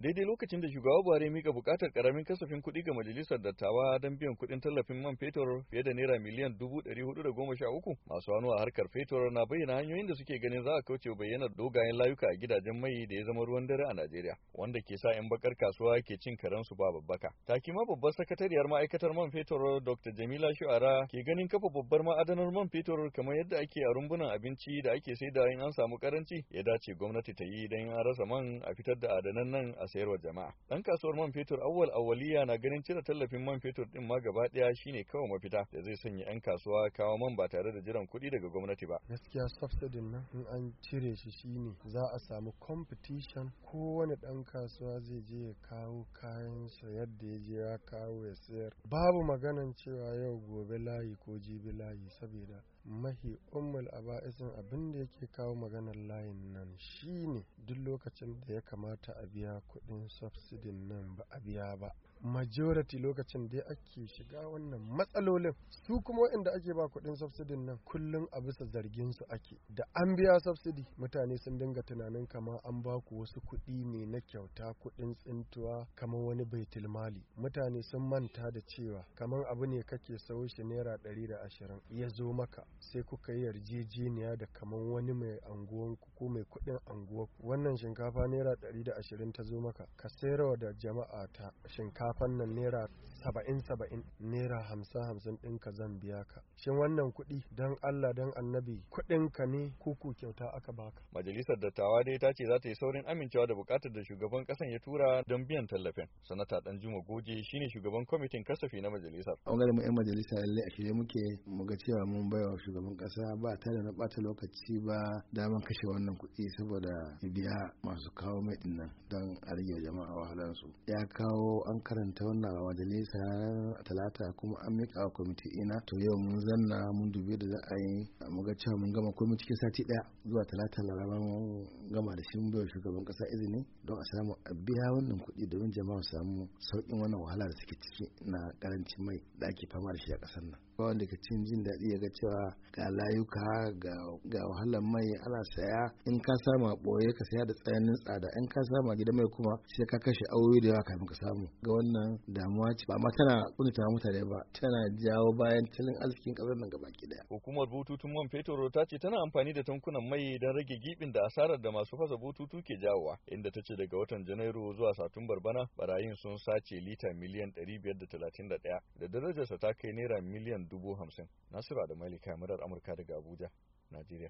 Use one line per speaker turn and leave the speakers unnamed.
daidai lokacin da shugaba buhari ya mika bukatar karamin kasafin kuɗi ga majalisar dattawa don biyan kuɗin tallafin man fetur fiye da naira miliyan dubu ɗari hudu da goma sha uku masu hannu a harkar fetur na bayyana hanyoyin da suke ganin za a kauce bayyanar dogayen layuka a gidajen mai da ya zama ruwan dare a najeriya wanda ke sa 'yan bakar kasuwa ke cin karensu ba babbaka takima babbar sakatariyar ma'aikatar man fetur dr jamila shu'ara ke ganin kafa babbar ma'adanar man fetur kamar yadda ake a rumbunan abinci da ake saida in an samu karanci ya dace gwamnati ta yi don an rasa man a fitar da adanan nan a sayarwa jama'a dan kasuwar man fetur awwal awwaliya na ganin cire tallafin man fetur din ma gaba daya shine kawai mafita da zai sanya yan kasuwa kawo man ba tare da jiran kuɗi daga gwamnati ba
gaskiya subsidy nan in an cire shi shine za a samu competition kowane dan kasuwa zai je ya kawo kayan sa yadda ya je ya kawo ya sayar babu maganan cewa yau gobe layi ko jibi layi saboda mahi ummul aba'isin abin da yake kawo maganar layin nan shine duk lokacin da ya kamata a biya kuɗi kuɗin subsidin nan ba a biya ba majority lokacin dai ake shiga wannan matsalolin su kuma inda ake ba kuɗin subsidin nan kullum a bisa zargin su ake da an biya subsidi mutane sun dinga tunanin kama an ba ku wasu kuɗi ne na kyauta kuɗin tsintuwa kamar wani baitul mali mutane sun manta da cewa kamar abu ne kake sau shi naira ɗari da ashirin ya zo maka sai kuka yi yarjejeniya da kamar wani mai anguwanku ko mai kuɗin anguwanku wannan shinkafa naira ɗari da ashirin ta zo maka ka sayarwa da jama'a ta shinkafan nan naira saba'in saba'in naira hamsin hamsin ka zan biya ka shin wannan kuɗi don allah don annabi kuɗin ka ne kuku kyauta aka baka
majalisar dattawa dai ta ce za ta yi saurin amincewa da buƙatar da shugaban ƙasan ya tura don biyan tallafin sanata dan juma goje shine shugaban kwamitin kasafi na majalisar ɓangaren mu
'yan majalisa lallai a shirye muke mu ga cewa mun baiwa shugaban ƙasa ba ta da na ɓata lokaci ba daman kashe wannan kuɗi saboda biya masu kawo mai ɗin nan don a rage jama'a wahalansu ya kawo an karanta wannan a majalisa talata kuma an mika wa kwamiti ina to yau mun zanna mun dubi da za a yi mu ga cewa mun gama komai cikin sati daya zuwa talata laraba mun gama da shi mun bai shugaban kasa izini don a samu a biya wannan kuɗi domin jama'a su samu sauƙin wannan wahala da suke ciki na karancin mai da ake fama da shi a ƙasar nan ba daga cin jin daɗi ya ga cewa ga layuka ga wahalar mai ana saya in ka a ɓoye ka saya da tsayanin tsada in ka a gida mai kuma sai ka kashe aure da yawa kafin ka samu ga wannan damuwa ce ba ma tana kunta mutane ba tana
jawo bayan tilin arzikin ƙasar nan gaba ki Hukumar bututun man fetur ta ce tana amfani da tankunan mai don rage gibin da asarar da masu fasa bututu ke jawowa inda ta ce daga watan Janairu zuwa Satumbar bana barayin sun sace lita miliyan 531 da darajarsa ta kai naira miliyan dubu hamsin nasiru ya malika murar amurka daga abuja najeriya